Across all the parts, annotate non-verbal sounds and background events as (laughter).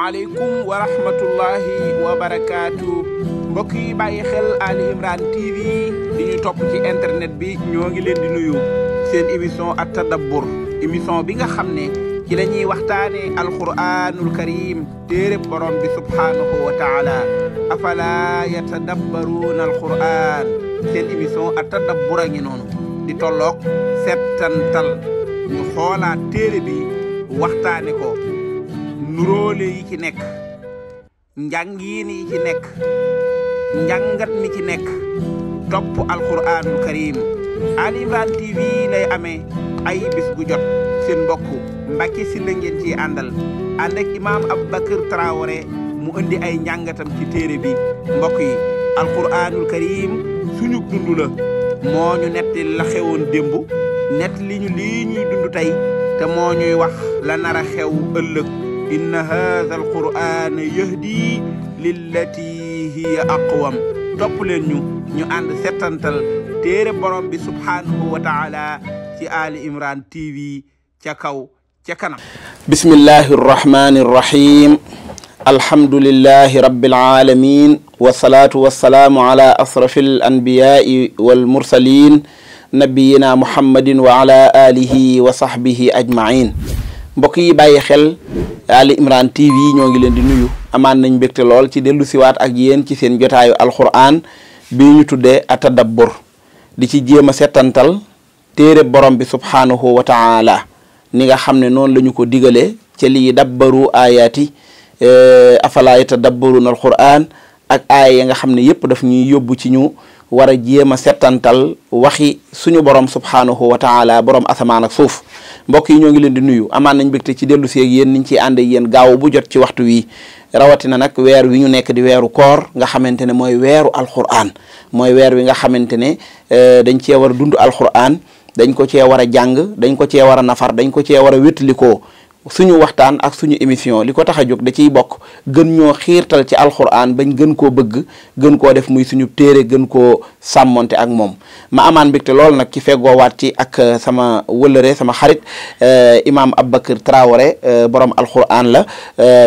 maaleykum wa rahmatullahi wa barakaatu mbokk yi bàyyi xel Ali Imran TV di ñu topp ci internet bi ñoo ngi leen di nuyu seen émission at tadabbur émission bi nga xam ne ci la ñuy waxtaane alquranul karim téere borom bi subhaanahu wa taala afala yatadabbaruuna alquran seen émission at tadabbur a ngi noonu di tolloog settantal ñu xoolaat téere bi waxtaane ko nuróole yi ci nekk njàngiin yi ci nekk njàngat mi ci nekk topp alquranul karim Ali Imran TV lay amee ay bis gu jot seen mbokk Mbacke Sylla ngeen ciy àndal ànd ak imaam Aboubacar Traoré mu indi ay njàngatam ci téere bi mbokk yi alquranul karim suñu dund la moo ñu nett la xewoon démb nett li ñu lii ñuy dund tey te moo ñuy wax la nar a xew ëllëg inna hadha alquran yahdi lillati hiya aqwam topp leen ñu ñu ànd settantal téere borom bi subhanahu wa taala ci Ali Imran TV ca kaw ca kanam bismillahi arrahmani arrahim alhamdulillahi rabbil alamin wassalatu wassalaamu ala asrafil anbiyai wal mursalin nabiyina muhammadin wa ala alihi wa sahbihi ajmain mbokk yi bàyyi xel Ali Imran TV ñoo ngi leen di nuyu amaan nañ mbégte lool ci dellu siwaat ak yéen ci seen jotaayu alquran bi ñu tuddee atadabbur di ci jéem a settantal téere borom bi subhaanahu wa taala ni nga xam ne noonu lañu ko digalee ca lii dabbaru ayaati eh, afala yatadabbaruna alquran ak aaya ya nga xam ne yépp daf ñuy yóbbu ci ñu war a jéem a settantal waxi suñu borom subhaanahu wa taala borom asamaan ak suuf mbokk yi ñoo ngi leen di nuyu amaan nañ mbégte ci dellu seeg yéen niñ ci ànd ak yéen gaaw bu jot ci waxtu wi rawatina nag weer wi ñu nekk di weeru koor nga xamante ne mooy weeru alquran mooy weer wi nga xamante ne eh, dañ cee war a dund alquran dañ ko cee war a jàng dañ ko cee war a nafar dañ ko cee war a wétlikoo suñu waxtaan ak suñu émission li ko tax a jóg da ciy bokk gën ñoo xiirtal ci alxuraan bañ gën koo bëgg gën koo def muy suñu téere gën koo sàmmoonte ak moom ma amaan mbégte loolu nag ci waat ci ak euh, sama wëlëre sama xarit euh, imaam Aboubacar Traoré euh, borom alxuraan la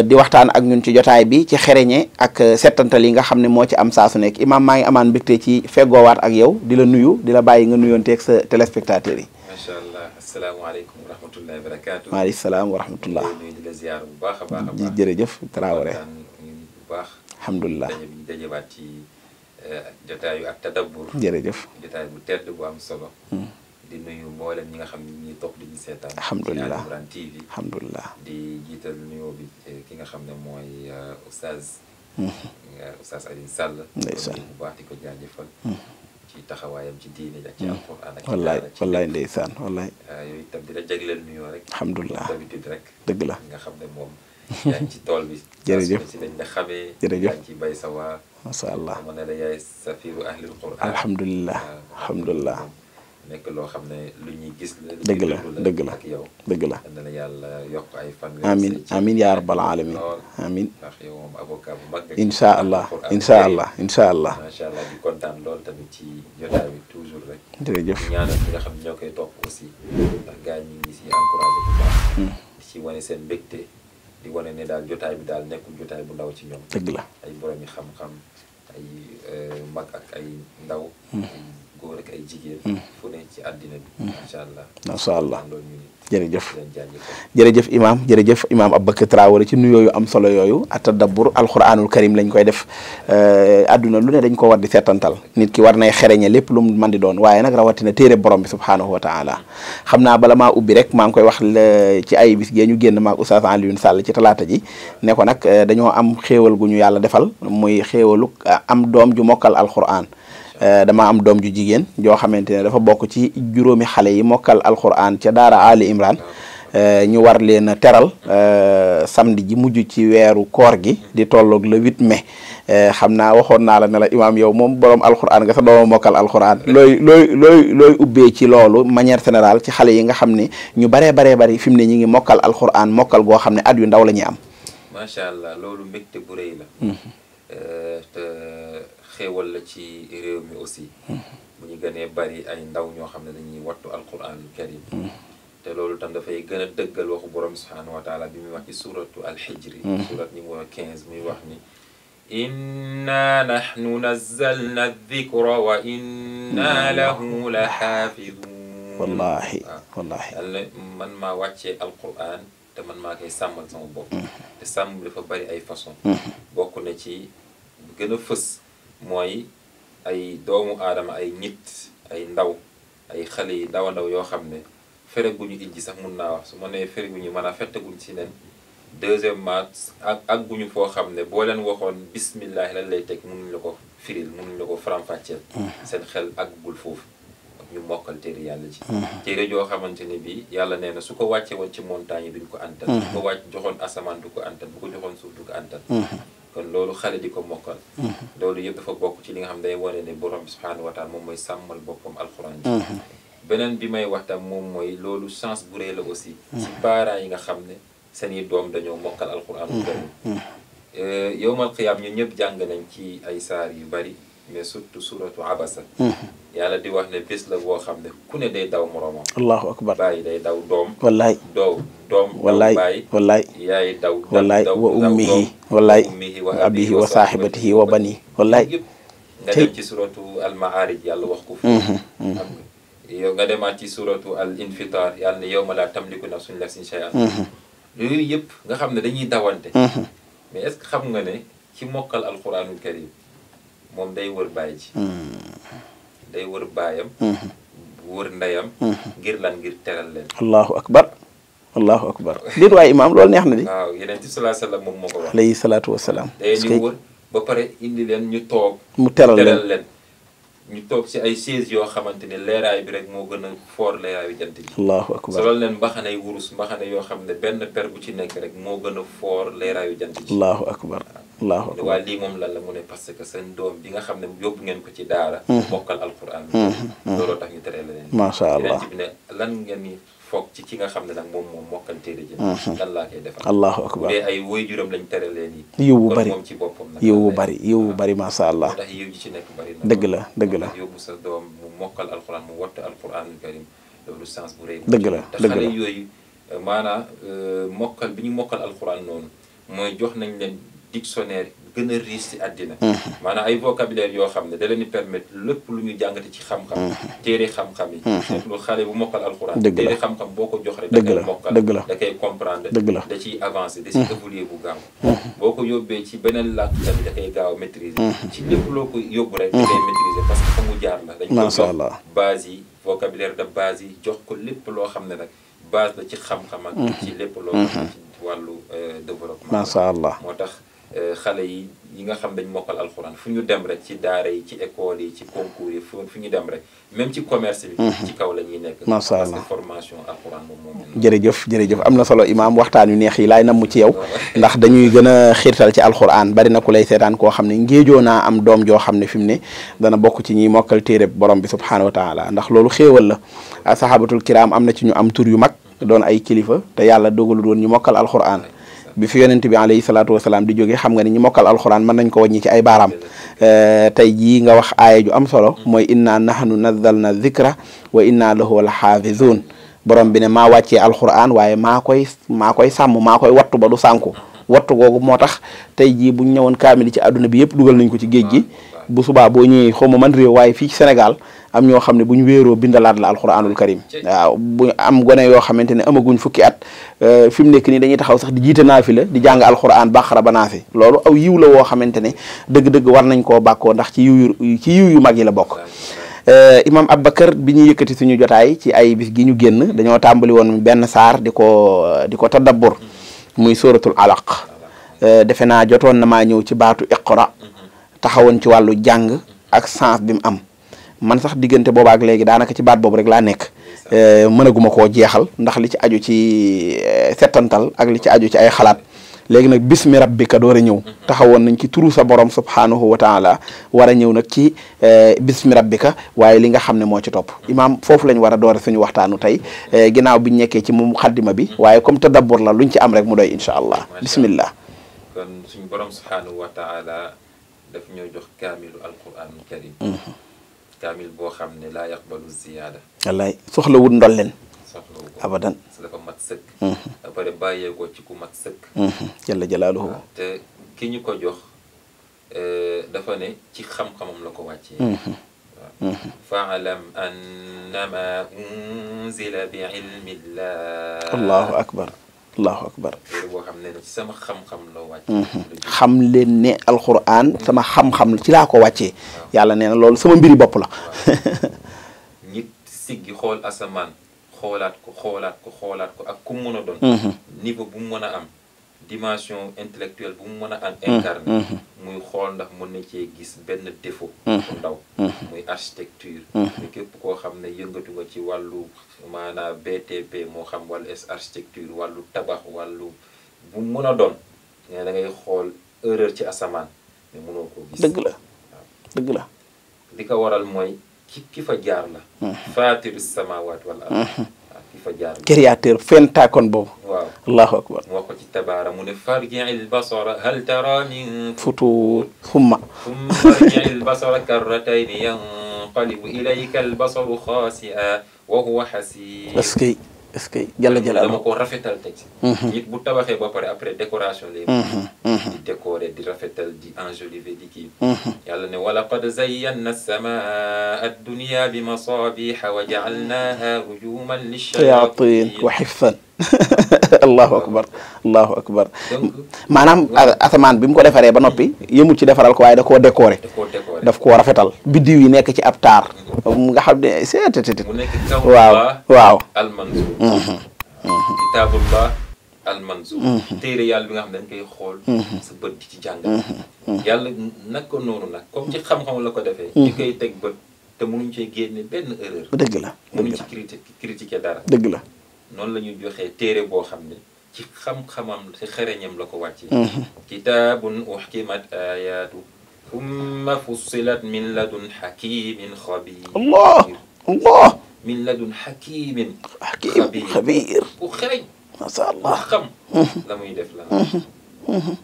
di waxtaan ak ñun ci jotaay bi ci xereñe ak settantal yi nga xam ne moo ci am saa su nekk imaam maa ngi amaan mbégte ci feggoowaat ak yow di la nuyu di la bàyyi nga nuyoonteeg sa téléspectateurs yi macha allah asalaamaaleykum wa rahmatullahi wa barakaatu. maaleykum salaam wa rahmatullah. di la ziar bu baax a baax a baax di jërëjëf Traoré. bu baax. alhamdulilah dajebaat ci eh, jotaayu ak tadabbur. jërëjëf jotaay bu tedd bu am solo. Hmm. di nuyu mboolem ñi nga xam ne ñi topp di ñu seetaan. alhamdulilah Al Imran TV. alhamdulilah di jiital nuyoo bi eh, ki nga xam ne mooy eh, oustaz. Hmm. oustaz Alioune Sall. ndeysaan bu baax di ko jaajëfal. Hmm. ci taxawaayam ci diine hmm. ak ci alxuraan ak wallaay wallaay ndeysaan wallaay ah, yooyu itam di la jagleel rek alhamdulilah d'habitude dëgg la nga xam ne moom (laughs) yaa ngi ci tool bi jërëjëf si dañ la xamee ci bay sa waa masha allah ma ne la yaay safiru ahlil quran alhamdulilah alhamdulilah nekk loo xam ne lu ñuy gis la. dëgg la dëgg la ak yow dëgg la. na la yàlla yokk ay fan. amiin amiin yaa rabbal alamin amiin. ndax yow moom avocat allah incha allah allah. di kontaan lool tamit ci jotaay bi nga xam ñoo koy topp aussi ndax si encouragé hmm. di si seen mbégte di wane ne daal jotaay bi daal nekkul jotaay bu ndaw ci ñoom. dëgg la ay borom yi xam-xam ay euh, góor hmm. hmm. ak ay macha allah macha allah jërëjëf. jërëjëf imaam jërëjëf imaam Aboubacar Traoré ci nuyoo yu am solo yooyu atadabbur alquranul karim lañ koy def euh, àdduna lu ne dañ ko war di seetantal nit ki war nay xereñe lépp lu mu mën di doon waaye nag rawatina téere borom bi subhaanahu wa taala xam naa bala maa ubbi rek maa ngi koy wax ci ay bis gee ñu génn maak Oustaz Alioune Sall ci talaata ji ne ko nag euh, dañoo am xéewal gu ñu yàlla defal muy xéewalu euh, am doom ju mokkal alquran Euh, dama am doom ju jigéen joo xamante ne dafa bokk ci juróomi xale yi mokkal alquran ca daara Ali Imran euh, ñu war leen a teral euh, samedi ji mujj ci weeru koor gi di tolloog le 8 mai xam naa waxoon naa la ne la imaam yow moom borom alxuraan nga sa dooma mokkal alxuraan looy looy looy looy ubbee ci loolu manière générale ci xale yi nga xam ne ñu baree baree bari fi mu ne ñi ngi mokkal alxuraan mokkal goo xam ne at yu ndaw la am. macha loolu mbégte xéewal la ci réew mi aussi bu mm-hmm. ñu gënee bari ay ndaw ñoo xam ne dañuy wattu alquranul karim mm-hmm. te loolu tam dafay gën a dëggal waxu borom subhaanahu wa taala bi muy wax ci suratu alxijri mm-hmm. surat numéro 15 muy wax ni inna nahnu nazzalna adh-dhikra wa inna lahu la xaafidun wallahi wallahi man maa wàccee alquran te man maa koy sàmmal sama bopp te sàmm dafa bari ay façon bokk na ci gën a fës mooy ay doomu aadama ay nit ay ndaw ay xale yi ndawa ndaw yoo xam ne fereguñu il ji sax mun naa wax su ma nee fereguñu maanaam fetteguñ si neen deuxièmement ak ak guñu foo xam ne boo leen waxoon bismillah lan lay teg mënuñ la ko firil mënuñ la ko faram-fàcceel mm-hmm. seen xel ak gul foofu ñu mokkal téere yàlla ci mm-hmm. téere joo xamante ne bi yàlla nee na su ko wàcce woon ci montagne yi duñ ko antal mm-hmm. su ko wàcc joxoon asamaan du ko antal bu ko joxoon suuf du ko antal kon loolu xale di ko mokkal mhm. loolu yëpp dafa bokk ci li nga xam day wane ne borom bi subhaanahu wa moom mooy sàmmal boppam alxuraan ji mhm. beneen bi may wax moom mooy loolu chance bu rëy la aussi ci mhm. parents yi nga xam ne seeni doom dañoo mokkal alxuraan bu euh, yow mal xiyaam ñun ñëpp jàng nañ ci ay saar yu bari mais surtout suratu abasa mhm. yàlla di wax ne bés boo xam ku ne day daw moroomam allahu akbar bàyyi day daw doom wallaay doow doom wallaay bàyyi wallaay yaay daw wallaay wa ummihi wallaay ummihi wa abihi wa saahibatihi wa bani wallaay yëpp nga dem ci suratu almaarij yàlla wax ko fii mhm. yow nga demaat ci suratu al infitar yàlla ne yow ma laa tamliku nafsun mhm. nga xam ne dañuy dawante mais est-ce xam nga ne ci mokkal alquranul karim moom day wër baay ji hmm. day wër baayam hmm. wër ndeyam hmm. ngir lan ngir teral leen allahu akbar allahu akbar déet waaye imaam loolu neex na di waaw yeneen ci salaa salaam moom moo ko wax alayhi salaatu wasalaam day ñu wër ba pare indi leen ñu toog mu teral leen ñu toog ci ay chaise yoo xamante ne leeraay bi rek moo gën a foor leeraayu jant bi allahu akbar solal leen mbaxanay wurus mbaxane yoo xam ne benn per bu ci nekk rek moo gën a foor leeraayu jant bi allahu akbar waaw waaw lii moom lan la mu parce que seen doom bi nga xam ne yóbbu ngeen ko ci daara. mokkal mm-hmm. alquran. Mm-hmm. Mm-hmm. looloo tax ñu tere la allah ci lan ngeen ni foog ci ki nga xam ne nag moom moom mokkal téere ji. lan laa koy defal. allahu akbar bu dee ay waajuram lañ tere leen yi. yiw bu bari moom ci boppam nag. bu bari yiw bu ah. bari macha allah. ndax yiw ji ci nekk bari dëgg la dëgg la yóbbu sa doom mu mokkal alquran mu wattu alquran al karim loolu dëgg la dëgg la yooyu eh, maanaam eh, mokkal bi mokkal alquran noonu mooy jox nañ leen dictionnaire gën a riis si àddina mm-hmm. maanaam ay vocabulaire yoo xam ne da leen di permettre lépp lu ñu jàngate ci xam-xam mm-hmm. téere xam-xam yi mm-hmm. lu ko jox rek da koy avancer da ci beneen làkk a la dañ ko jox base yi vocabulaire de base yi jox ko lépp loo xam ne nag base euh, allah xale yi yi nga xam dañ mokkal alxuraan fu ñu dem rek ci daara yi ci école yi ci concours yi fu ñu dem rek même ci commerce bi. Mhm. la ñuy nekk. macha jërëjëf jërëjëf am na solo imaam waxtaan yu neex yi laay namm ci yow (laughs) ndax dañuy gën a xiirtal ci alxuraan bari na ku lay seetaan koo xam ne ngéejoo am doom joo xam ne fi mu ne dana bokk ci ñiy mokkal téereb borom bi subxanahu wa taala ndax loolu xéewal la saxaabatul kiraam am na ci ñu am tur yu mag doon ay kilifa te yàlla dogalul woon ñu mokkal alxuraan bi fi yonent bi alayhi salaatu wasalaam di jóge xam nga ni ñu mokkal alxuraan mën nañ ko wàññi ci ay baaraam euh, tey jii nga wax aaya ju am solo mm. mooy inna nahnu nazzalna zikra wa inna lahu la xaafizuun borom bi ne maa wàccee alxuraan waaye maa koy maa koy sàmm maa koy wattu ba du sànku wattu googu moo tax tey jii buñ ñëwoon kaamil ci àdduna bi yëpp dugal nañ ko ci géej gi bu subaa boo ñëwee xaw ma man réew waaye fii ci senegal am ñoo xam ne bu ñu wéeroo bindalaat la alxuraanul karim waaw bu am gone yoo xamante ne amaguñ fukki at euh, fi mu nekk nii dañuy taxaw sax di jiite naafi la di jàng alxuraan bàqara ba naafi loolu aw yiw la woo xamante ne dëgg-dëgg war nañ koo bàkkoo ndax ci ci yu mag yi la bokk euh, imam Aboubacar bi ñu yëkkati suñu jotaay ci ay bis gi ñu génn dañoo tàmbali woon benn saar di ko di ko tadabbur muy sóoratul alaq euh, defe naa jotoon na maa ñëw ci baatu iqra taxawoon ci wàllu jàng ak sance bi mu am man sax diggante booba ak léegi daanaka ci baat boobu rek laa nekk euh, mënaguma koo jeexal ndax li ci aju ci euh, settantal ak li ci aju ci ay xalaat léegi nag bismi rabbika door a ñëw taxawoon nañ ci turu sa borom subhaanahu wa taala war ñëw nag ci euh, bismi rabbika waaye li nga xam ne moo ci topp imaam foofu lañ war a doore suñu waxtaanu tey ginnaaw biñ nekkee ci moom xaddima bi waaye comme tadabbur la luñ ci am rek mu doy incha allah bismillah daf ñoo jox kaamilu alquranul karim mhm. boo xam ne laa yaqbalu ziyaada wallaay soxlawul ndolleen soxlawul abadan si dafa mat sëkk mhm. ba mhm. ah, te ki ñu ko jox eh, dafa ne ci xam-xamam la ko wàccee faalam annama unzila bi ilmillah allahu akbar allahu akbar mhm. xam leen ne alxuraan mhm. sama xam-xam ci laa ko wàccee yàlla nee na loolu sama mbiri bopp la nit siggi xool asamaan xoolaat ko xoolaat ko xoolaat ko ak ku mën a doon mhm. niveau bu mu a am dimension intellectuelle bu mu mën a am mm-hmm. incarné mm-hmm. muy xool ndax mën na cee gis benn défaut bu mm-hmm. ndaw muy architecture ñu képp koo xam ne yëngatu nga ci wàllu maanaam BTP moo xam wàllu es architecture wàllu tabax wàllu bu mën a doon ne da ngay xool erreur ci asamaan mais mënoo koo gis dëgg la waaw dëgg li ko waral mooy ki ki fa jaar la faatiru samawaat wala ard créateur fen taakoon boobu waaw allahu akbar wax ko ci tabaara mu ne farji il basara hal tara min futu humma farji il basara karratayni yanqalibu ilayka al basaru xaasi'a wa huwa xasiib est-ce que jalla jalla dama ko rafetal teg si. nit mhm. bu tabaxee ba pare après décoration lay. Mhm. Mhm. di décorer di rafetal di enjoliver di kii. yàlla ne wala qad zayyanna samaa ad-dunya bi masabiha wa ja'alnaha rujuman lish-shayatin wa hifzan (laughs) allahu akbar allahu akbar maanaam asamaan bi mu ko defaree ba noppi yëmul ci defaral ko waaye da koo décorer. daf koo rafetal biddiw yi nekk ci ab taar nga xam ne seetatiti waaw waaw almanzur mhm. Mhm. kitaabullah almanzur mhm. téere yàlla bi nga xam ne dañ koy xool sa bët ci jàngal yàlla nag ko noonu nag comme ci xam-xam la ko defee ñi koy teg bët te mënuñ cee génne benn erreur dëgg la mënuñ ci critiquer critiquer dara dëgg la noonu la ñuy joxee téere boo xam ne ci xam-xamam ci xereñam la ko wàcce kitaabun uhkimat ayatu ثم فصلت من لدن حكيم خبير الله الله من لدن حكيم حكيم خبير ku xereñ macha allah xam la muy def la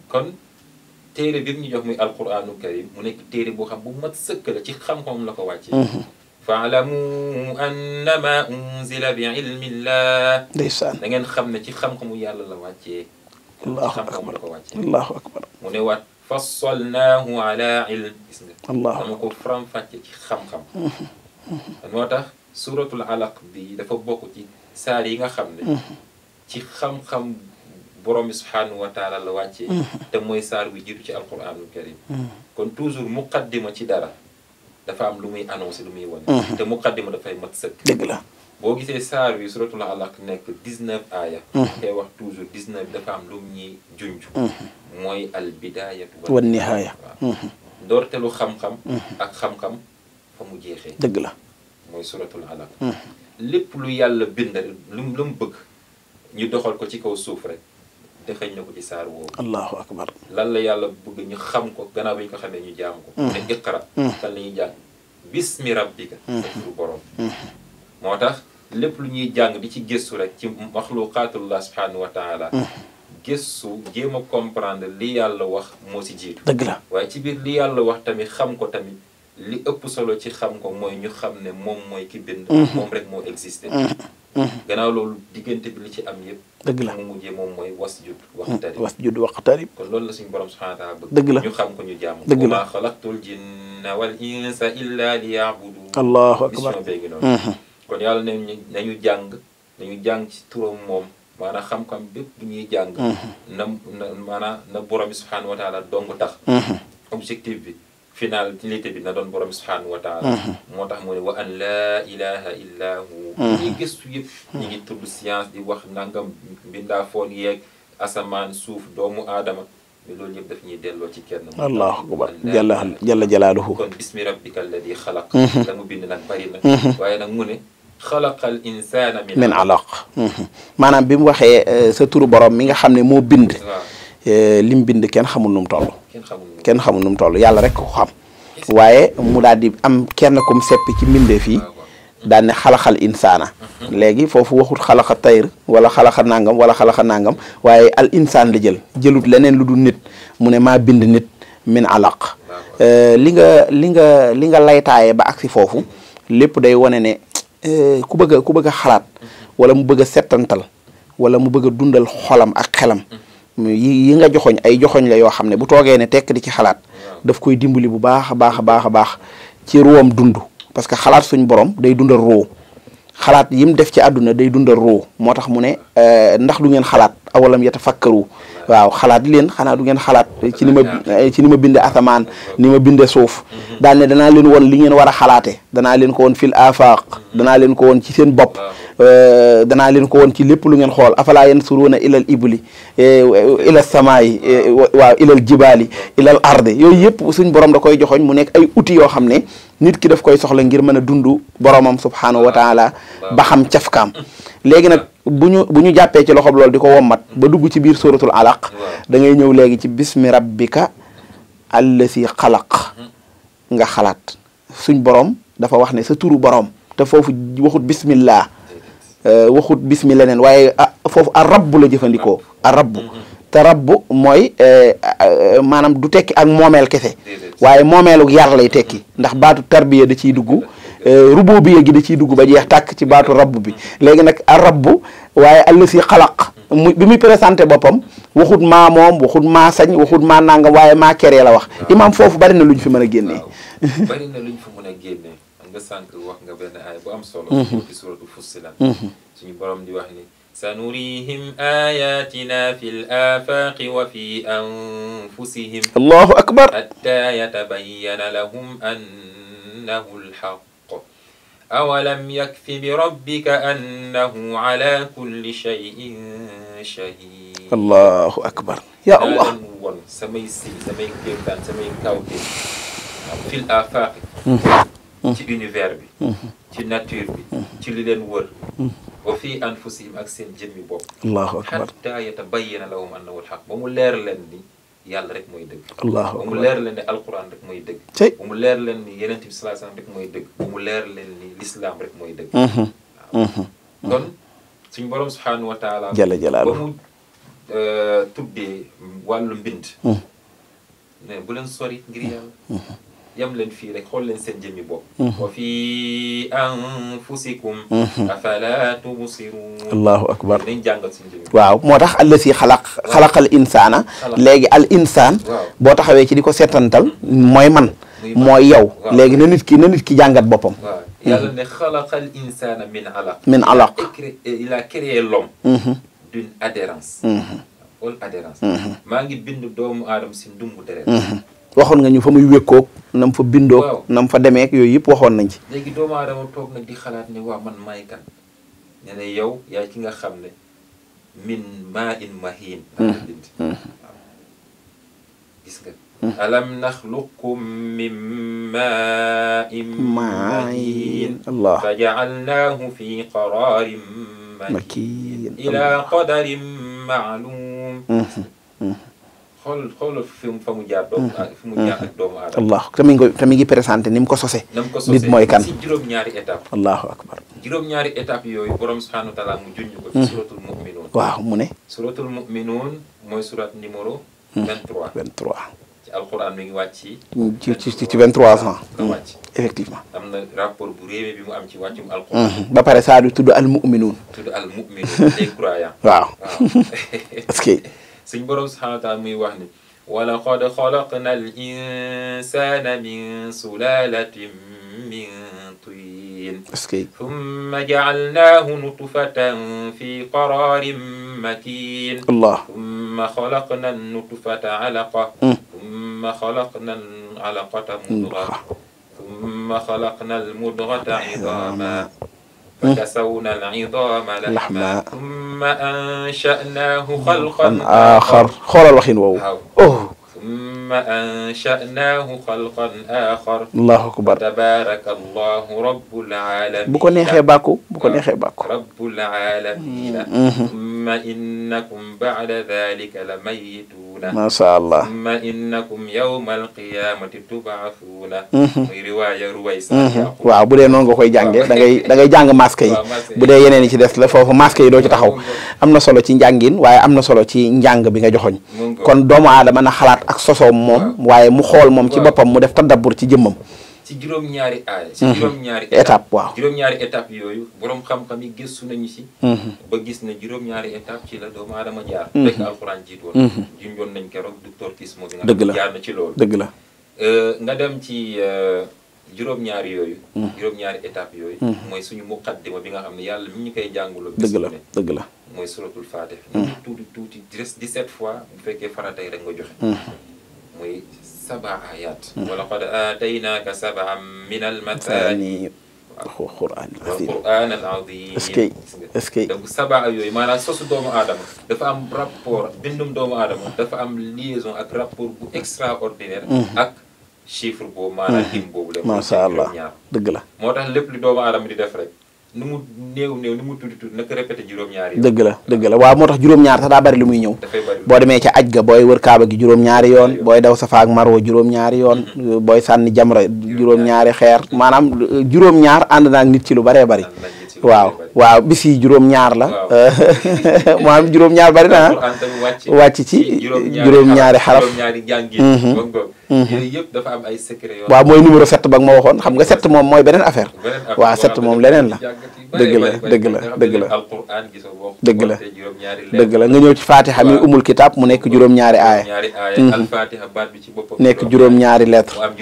kon téere bi ñu jox muy alquranu karim mu nekk téere boo xam bu mat sëkk la ci xam-xam la ko wàccee faalamu annama unzila bi ilmillah ndeysaan da ngeen xam ne ci xam-xamu yàlla la wàccee allahu akbar allahu akbar mu ne waat fassalnaahu ala ilm gis nga dama ko faram-fàcce ci xam-xam mm-hmm. Mm-hmm. moo tax suratul alaq bi dafa bokk ci saar yi nga xam ne mm-hmm. ci xam-xam borom bi subhaanahu wa taala la wàccee te mooy saar bi jiitu ci alquranul karim kon toujours muqaddima ci dara dafa am lu muy annoncé lu muy wane te muqaddima dafay mat sëkk la boo gisee saar wi suratul alaq nekk 19 aaya mhm. te wax toujours 19 dafa am lum ñuy junj mhm. mooy al bidaayatu wan nihaaya waaw mhm. doortelu xam-xam ak xam-xam fa mu jeexee dëgg la mooy suratul alaq lépp lu yàlla bind lu lu mu bëgg ñu doxal ko ci kaw suuf rek defañ na ko ci saar woowu allahu akbar lan la yàlla bëgg ñu xam ko gannaaw bi ñu ko xamee ñu jaam ko ñuy jàng bismi rabbika sa moo tax lépp lu ñuy jàng di ci gëstu rek ci maxluqaatullah subhanahu wa taala mm. gëstu jéem a comprendre li yàlla wax moo si jiitu dëgg la waaye ci biir li yàlla wax tamit xam ko tamit li ëpp solo ci xam ko mooy ñu xam ne moom mooy ki bind mm. moom rek moo existé mm. gannaaw loolu diggante bi li ci am yëpp dëgg la mu mujjee moom mooy wasjud waqtarib wasjud waqtarib kon loolu la suñu borom subhanahu wa taala bëgg dëgg la ñu xam ko ñu jàmm dëgg la ma xalaqtul jinna wal insa illa liya'budun allahu akbar mission bee ngi kon yàlla nañu nañu jàng nañu jàng ci turam moom maanaam xam-xam bépp bu ñuy jàng. Mhm. na na maanaam na borom bi subxanahu wa taala dong tax. Mhm. objectif bi finalité bi na doon borom bi subxanahu wa taala. Mhm. moo tax mu ne wa an laa ilaha illa hu. ñi gëstu yëpp. ñi ngi tudd science di wax nangam mbindaafoon yeeg asamaan suuf doomu aadama. mais loolu yëpp daf ñuy delloo ci kenn. allahu akbar jalla jalla jalaaluhu kon bismi rabbika alladi xalaq. la mu bind nag bari na. waaye nag mu ne. xalaqal insaana min alaq maanaam bi mu waxee euh, sa turu borom mi nga xam ne moo bind. Euh, lim bind kenn xamul nu mu kenn xamul nu mu toll yàlla rek ko xam. waaye mu daal di am kenn kum sepp ci mbindeef fii daal ne xalaxal insaana mhm. léegi foofu waxut xalaxa tayr wala xalaxa nangam wala xalaxa nangam waaye al insaan la jël jëlut leneen lu dul nit mu ne ma bind nit min alaq euh, li nga li nga li nga laytaayee ba agsi foofu lépp day wane ne Eh, ku bëgg ku bëgg a xalaat mm-hmm. wala mu bëgg a settantal wala mu bëgg a dundal xolam ak xelam mm-hmm. yi yi nga joxoñ ay joxoñ la yoo xam ne bu toogee ne tekk di ci xalaat daf koy dimbali bu baax a baax a baax a baax ci ruwam dund parce que xalaat suñ borom day dundal ruu xalaat yim def ci àdduna day dundal ruu moo tax mu ne euh, ndax du ngeen xalaat awalam yatafakkaru waaw xalaat leen xanaa du ngeen xalaat ci ni ma ci ni ma binde asamaan ni ma binde suuf mm-hmm. daal ne danaa leen woon li ngeen war a xalaate danaa leen ko woon fil afaq mm-hmm. danaa leen ko woon ci seen bopp Euh, danaa leen ko woon ci lépp lu ngeen xool afalaa yansuruuna ilal ibli e, ilal samaayi e, waaw ilal jibaali ilal ardi yooyu yëpp suñ borom da koy joxoñ mu nekk ay uti yoo xam ne nit ki daf koy soxla ngir mën a dund boromam subhaanahu wa taala ba xam cafkaam léegi nag bu ñu bu ñu jàppee ci loxob lool di ko wommat ba dugg ci biir suratul alaq da ngay ñëw léegi ci bismi rabbika allasi xalaq nga xalaat suñ borom dafa wax ne sa turu borom te foofu waxut bismillah Euh, waxut bismi leneen waaye ah, foofu arabbu la jëfandikoo arabbu mm-hmm. te rabbu mooy euh, euh, maanaam du tekki ak moomeel kese waaye moomeeluk yar lay tekki mm-hmm. ndax baatu tarbiya da ciy dugg rububiya gi da ciy dugg ba jeex tàkk ci baatu rabb bi mm-hmm. léegi nag arabbu waaye àll si xalaq mu bi muy présenté boppam waxut maa moom waxut maa sañ waxut maa nangam waaye maa keree la wax ah. imaam foofu bari na lu ñu fi mën a génnee lu ñu fi mën a génnee nga sànq wax nga benn aaya bu am solo mhm. ci suratu Fussilat mhm. suñu borom di wax ni sanurihim ayatina fi l afaqi wa fi anfusihim allahu akbar hatta yatabayyana lahum annahu lxaq awalam yakfi bi rabbika annahu ala kulli shay'in shahid allahu akbar ya allah won samay si samay kéemtaan samay kawte fil afaqi mhm. ci univers bi ci nature bi ci li leen wër wa fii anfusihim ak seen jëmmi bopp allahu akbar xatta yatabayyana lahum annahu alxaq ba mu leer leen ni yàlla rek mooy dëgg allahu ba mu leer leen ni alquran rek mooy dëgg ba mu leer leen ni yenent bi sallallahu alayhi wasallam rek mooy dëgg ba mu leer leen ni rek mooy dëgg kon suñu borom subhaanahu wa taala jalla jalaaluhu ba mu euh, tuddee wàllu mbind mhm. ne bu leen yam leen fii rek xool leen seen jëmmi bopp mhm. wa fi anfusikum mhm. afala tubsirun allahu akbar dañ waaw moo tax allasi xalaq xalaqal insaana léegi al insaan boo taxawee ci di ko seetantal mooy man mooy yow léegi na nit ki na nit ki jàngat boppam yàlla mhm. ne xalaqal insaana min alaq min a créé bind doomu aadama si nga ñu fa muy wékkoog nam fa bindoo nam fa demee ak yooyu yëpp waxoon nañ ci. léegi doomu aadama toog nag di xalaat ne waa man maay kan ne ne yow yaa ci nga xam ne min maa in mahin. Hmm. Hmm. fa ja'alnaahu fi qaraarin makiin ilaa qadarin ma'luum hmm. xool xoolal fi mu fa mu jaar mm-hmm. mu jaar ak doomu mi ngi ko te ni ko sose. na mu ko sose nit mooy kan si juróom-ñaari étape. allahu akbar juróom-ñaari étape mu junj ko. ci mm-hmm. suratul mu'minuun. waaw mu ne. suratul mu'minuun mooy surat numéro. 23 mm-hmm. 23. ci alquran mi ngi wàcc ci. Mm, ci ci ci 23 ans. Mm, effectivement. am na rapport bu am ci wàccum alquran. ba pare saa du tudd al mu'minuun. tudd al mu'minuun les waaw (laughs) suñ borom subhanahu wa taala muy wax ni walaqad xalaqna al insana min sulalatin min tin thumma jacalnaahu nutfatan fi qararin makin thumma xalaqna nutfata alaqa hmm. thumma xalaqna alaqata mudra hmm. thumma xalaqna almudrata idama فكسونا العظام لحما ثم أنشأناه خلقا آخر xoolal waxin woowu. waaw ثم أنشأناه خلقا آخر. الله أكبر تبارك الله رب العالمين. bu ko neexee bàkku bu ko neexee bàkku. رب العالمين. ثم إنكم بعد ذلك لميتون تخلقون allah شاء الله ثم إنكم يوم القيامة تبعثون muy waaw bu dee noonu nga koy jàngee dangay ngay da ngay jàng (laughs) masque yi bu dee yeneen yi ci def la foofu masque yi doo ci taxaw am na solo ci njàngin waaye am na solo ci njàng bi nga joxoñ kon doomu aadama na xalaat ak sosoom moom waaye mu xool moom ci boppam mu def tadabbur ci jëmmam ci juróom-ñaari aay ci mhm. juróom-ñaari étape waaw juróom-ñaari étape yooyu borom xam-xam yi gëstu nañu si mhm. ba gis ne juróom-ñaari étape ci la doomu aadama jaar mhm. fekk alxuraan jiit woon junjoon nañ keroog docteur Kiss moo bi nga dëgg la jaar na ci loolu dëgg la euh, nga dem ci euh, juróom-ñaari yooyu juróom-ñaari étape yooyu mooy suñu muqaddima bi nga xam ne yàlla mi ñu koy jànguloo dëgg la dëgg la mooy suratul faatiha dix-sept fois bu fekkee faratay rek nga joxe mooy sab'a ayat walaqad aataynaaka sab'an min al-mathaani wa qur'aan al-aziim est-ce que est-ce que donc yooyu maanaam doomu aadama dafa am rapport bindum doomu aadama dafa am ak rapport bu extraordinaire mm-hmm. ak chiffre boobu maanaam lim mm-hmm. boobu la la moo tax lépp li def rek nu mu néew la dëgg la waaw moo tax juróom-ñaar sax daa bari lu muy ñëw. boo demee ca aj ga booy wër kaaba gi juróom-ñaari yoon. booy daw safa mar marwa juróom-ñaari yoon. Mm-hmm. booy sànni jamra juróom-ñaari xeer maanaam eh, juróom-ñaar ànd naa nit ci lu baree bari. waaw waaw bis juróom-ñaar la (laughs) moo am juróom-ñaar bari na wàcc ci juróom-ñaari xaraf mhm. mhm. waaw mooy numéro sept ba nga ma waxoon xam nga sept moom mooy beneen affaire waaw sept moom leneen la dëgg la dëgg la dëgg la dëgg la dëgg la nga ñëw ci fatiha mi umul kitab mu nekk juróom-ñaari aaya mhm. nekk juróom-ñaari lettre waaw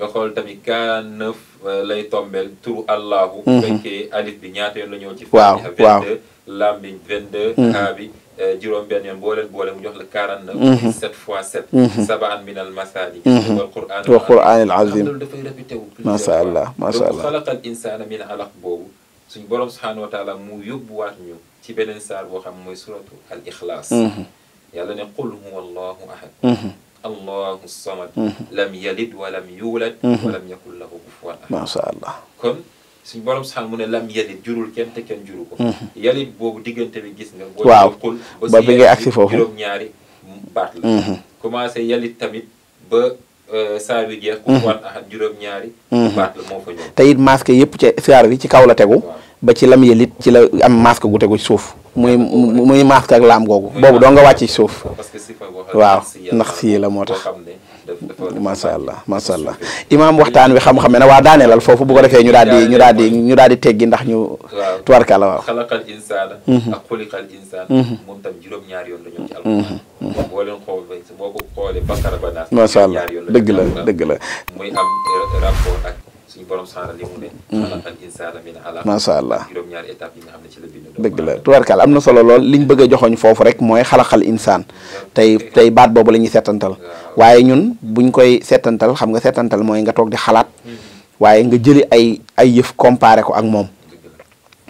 nga xool tamit K9 Euh, lay tombeel turu allahu mhm. fekkee alif bi ñaata yoon la ñëw ci waaw waaw lam mhm. bi 22 kaa euh, bi juróom benn yoon boo leen boole mu jox la 49 7 mhm. fois 7 sabaan min al masaani wal quraan wal quraan al azim loolu dafay répété wu macha allah macha allah xalaqal insaana min alaq boobu suñ borom subhaanahu wa taala mu yóbbuwaat ñu ci beneen saar boo mooy suratu al ixlaas yàlla ne qul huwa allahu ahad allahu samad mhm. lam yalid wa lam yuulad wa mhm. lam yakul lahu kufuwan ahad macha allah kon suñ borom saxam mu ne lam yalid jurul kenn te kenn juru ko mhm. yalid boobu diggante bi waaw ba bi ngay foofu juróom ñaari baat la euh, ci saar bi ci kaw la tegu ba ci lam yalid ci la am masque gu tegu suuf muy muy mask ak laam googu boobu doo nga wàcc ci suuf waaw ndax sii la moo tax macha allah macha allah imaam waxtaan wi xam-xame na waa daaneelal foofu bu ko defee ñu daal di ñu daal di ñu daal di teggi ndax ñu. tuwarka la waaw xalaqal insaana mhm. ak xuliqal insaan mhm. moom tam juróom-ñaari mhm. boo xoolee boo ko xoolee bakara ba naas. macha allah dëgg la dëgg la. muy suñu borom saaral li mm-hmm. allah juróom dëgg la tubarkaal am na solo lool liñ bëgg a joxoñ foofu rek mooy xalaqal insaan tey tey baat boobu la ñuy seetantal waaye ñun buñ koy seetantal xam nga seetantal mooy nga toog di xalaat mm-hmm. waaye nga jëli ay ay yëf comparer ko ak moom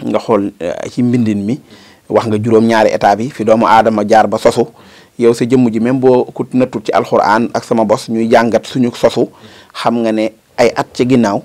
nga xool eh, ci mbindin mi wax nga juróom-ñaari étape yi fi doomu aadama jaar ba sosu yow sa jëmm ji même boo ku nattut ci alxuraan ak sama bos ñuy jàngat suñu sosu mm-hmm. xam nga ne ay at ci ginnaaw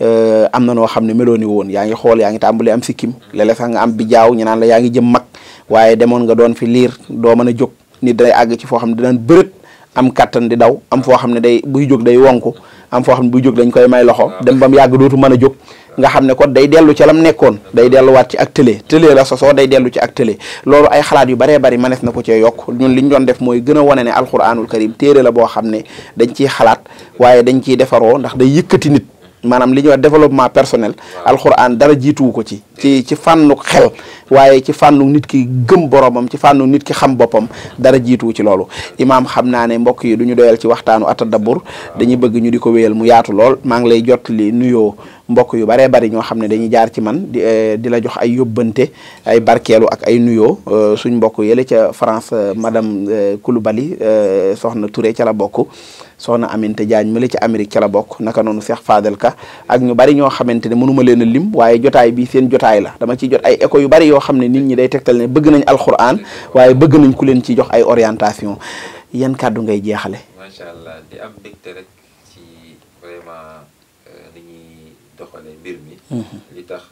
Euh, am na noo xam ne meloo ni woon yaa ngi xool yaa ngi tàmbali am sikkim léeg-léeg nga am bi jaaw ñu naan la yaa ngi jëm mag waaye demoon nga doon fi liir doo mën a jóg nit day àgg ci foo xam ne dinaan bërët am kattan di daw am foo xam ne day buy jóg day wonku am foo xam ne koy may loxo dem ba mu yàgg dootu mën a jóg nga xam ne kon day dellu ca lam nekkoon day delluwaat ci ak tële tële la sosoo day dellu ci ak tële loolu ay xalaat yu baree bari manees na ko cee yokk ñun li ñu doon def mooy gën a wane ne alxuraanul karim téere la boo xam ne dañ ciy xalaat waaye dañ ciy defaroo ndax day yëkkati nit maanaam li ñu wax développement personnel alxuraan dara jiituwu ko ci ci ci fànnu xel waaye ci fànnu nit ki gëm boromam ci fànnu nit ki xam boppam dara jiituwu ci loolu imaam xam naa ne mbokk yi du ñu doyal ci waxtaanu atadabbur dañuy bëgg ñu di ko wéyal mu yaatu lool maa ngi lay jot li nuyoo mbokk yu baree bari ñoo xam ne dañuy jaar ci man di eh, di la jox ay yóbbante ay barkeelu ak ay nuyoo eh, suñ mbokk yële ca France eh, madame Koulibaly soxna Touré ca la bokk soo soxna Aminta Diagne ma la ci Amérique ca la bokk naka noonu Cheikh Fadel Ka ak ñu bari ñoo xamante ne mënuma leen a lim waaye jotaay bii seen jotaay la dama ciy jot ay écho yu bari yoo xam ne nit ñi day tegtal ne bëgg nañ alxuraan waaye bëgg nañ ku leen ci jox ay orientation yan kàddu ngay jeexale. macha allah di am mbégte vraiment euh, ni mm-hmm. li tax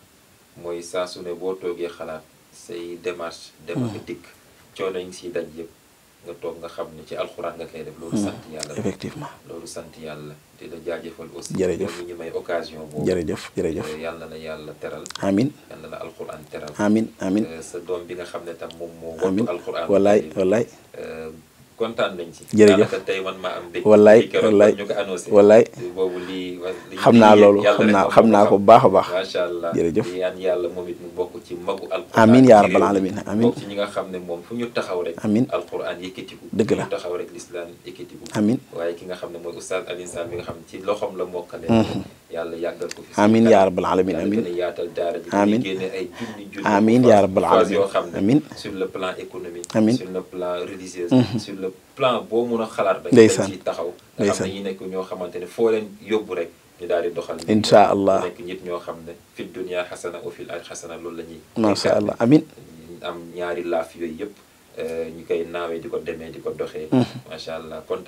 mooy saa su ne xalaat say démarche. dem ak mm-hmm. dikk coono nga toog nga xam ni ci alxuraan nga koy def. Hmm. loolu sant yàlla la effectivement loolu sant yàlla di la jaajëfal aussi. jërëjëf ñu may occasion boobu. jërëjëf jërëjëf teral. Eh, amiin yàlla na alxuraan teral. amiin eh, sa doom bi nga xam ne tam moom moo. amiin alxuraan wallaay wallaay. Eh, kontaan nañ ci. jërëjëf daanaka tey man maa am. dégg wallaay wallaay ñu ko annoncé. wallaay boobu lii. xam naa loolu xam naa xam naa ko bu baax a baax. macha allah jërëjëf yàlla moom it ci magu alquran amin yaa rabbal alamin amin bokk ci ñi nga xam ne moom fu ñu taxaw rek amin alquran yëkkatiku dëgg la taxaw rek amin waaye ki nga mi nga xam ne ci loxoom la mokkale mhm. yàlla yàggal ko fi amin yaa rabbal alamin amin yaatal daara ji amin génne ay junni sur le plan économique amin mhm. sur le plan boo mun a xalaat rek ndeysaan nga xam foo leen yóbbu rek ñu daal di doxal. incha allah nekk nit ñoo xam ne fi dunya xasana wa fil aaxirati xasana loolu la ñuy. macha allah amin am ñaari laaf yooyu yëpp. Euh, ñu koy naawee di ko demee di ko doxee. Hmm. macha ko.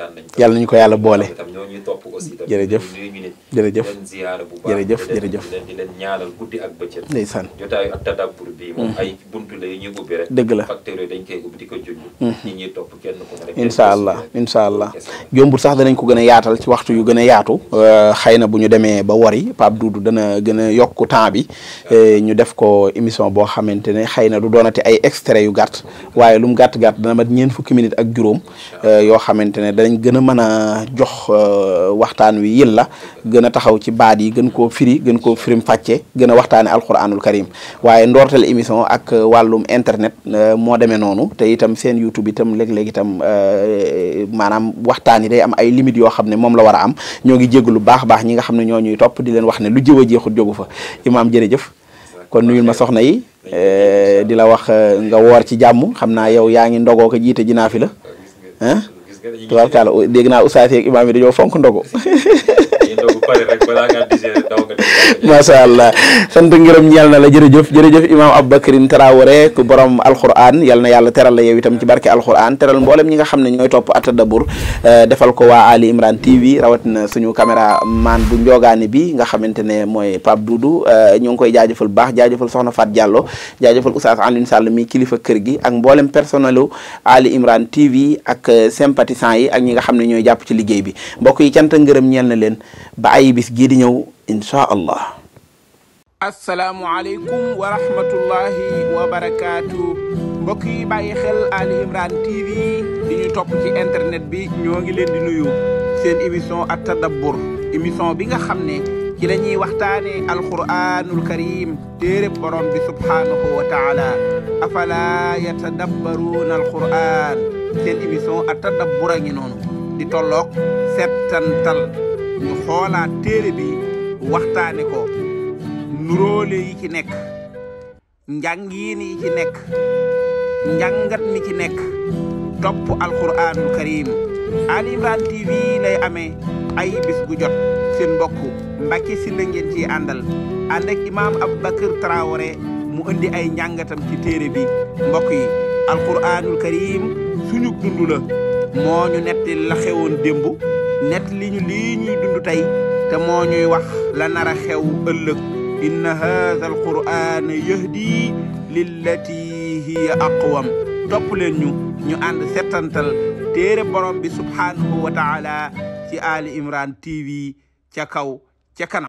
yàlla boole. tam ñoo ñuy topp aussi. jërëjëf nuyu ñu nit. jërëjëf leen jërëjëf jërëjëf leen di leen ak bëccëg. ndeysaan jotaayu ak tadabbur bi moom hmm. ay buntu la yu dañ koy di ko junj. Hmm. ñi ñuy topp kenn ku ne. incha allah incha allah jombul sax danañ ko gën a yaatal ci waxtu yu gën a yaatu. Euh, xëy na bu ñu demee ba wari Pape Doudou dana gën a yokku temps bi euh, ñu def ko émission boo xamante ne xëy na du doonati ay extrait yu gàtt waaye lu mu gàtt gàtt dana mat ñeent fukki minutes ak juróom euh, yoo xamante ne danañ gën a mën a jox euh, waxtaan wi yil la gën a taxaw ci baat yi gën koo firi gën koo firim fàcce gën a waxtaane alquranul karim waaye ndoorteel émission ak wàllum internet euh, moo demee noonu te itam seen youtube itam léeg-léeg itam maanaam waxtaan yi day am ay limites yoo xam ne moom la war a am ñoo ngi jégg lu baax baax ñi nga xam ne ñoo ñuy topp di leen wax ne lu jëw a jeexul fa imaam jërëjëf kon nuyul ma soxna yi eh, di la wax eh, nga woor ci jàmm xam naa yow yaa ngi ndogoo ko jiite ji naa fi la ah tubaarkaala dégg naa ustaas yeeg fonk ndogu. macha allah sant ngërëm ñeel na la jërëjëf jërëjëf imaam Aboubacrine Traoré ku borom alquran yal na yàlla teral la yow itam ci barke alquran teral mboolem ñi nga xam ne ñooy topp atadabour eh, defal ko waa Ali Imran TV rawatina suñu caméraman bu njoogaani bi nga xamante ne mooy Pape Doudou eh, ñoo ngi koy jaajëfal baax jaajëfal soxna Fat Diallo jaajëfal Oustaz Alioune Sall mi kilifa kër gi ak mboolem personnelu Ali Imran TV ak eh, sympathisants yi ak ñi nga xam ne ñooy jàpp ci liggéey bi mbokk yi cant ngërëm ñeel na leen ba ay bis gii di ñëw inchaa allah asalaamualeykum wa rahmatullahi wa barakaatu mbokk yi bàyyi xel Ali Imran TV di topp ci internet bi ñoo ngi leen di nuyu seen émission at tadabbur émission bi nga xam ne ci la ñuy waxtaane alquranul karim téereb borom bi subhaanahu wa taala afala yatadabbaruuna alquran seen émission at tadabbur a ngi noonu di tolloog settantal ñu xoolaat téere bi waxtaane ko nuróole yi ci nekk njàngiin yi ci nekk njàngat mi ci nekk topp alquraanul karim Ali Imran TV lay amee ay bis gu jot seen mbokk Mbacke Sylla ngeen ciy àndal ànd ak imaam mu indi ay njàngatam ci téere bi mbokk yi alquraanul karim suñu dund la moo ñu netti la xewoon démb nett li ñu lii ñuy dund tey te moo ñuy wax la xew a xew ëllëg inna haadha alquran yahdi lillati hiya aqwam topp leen ñu ñu ànd settantal téere borom bi subhanahu ci Ali Imran TV ca kaw ca kanam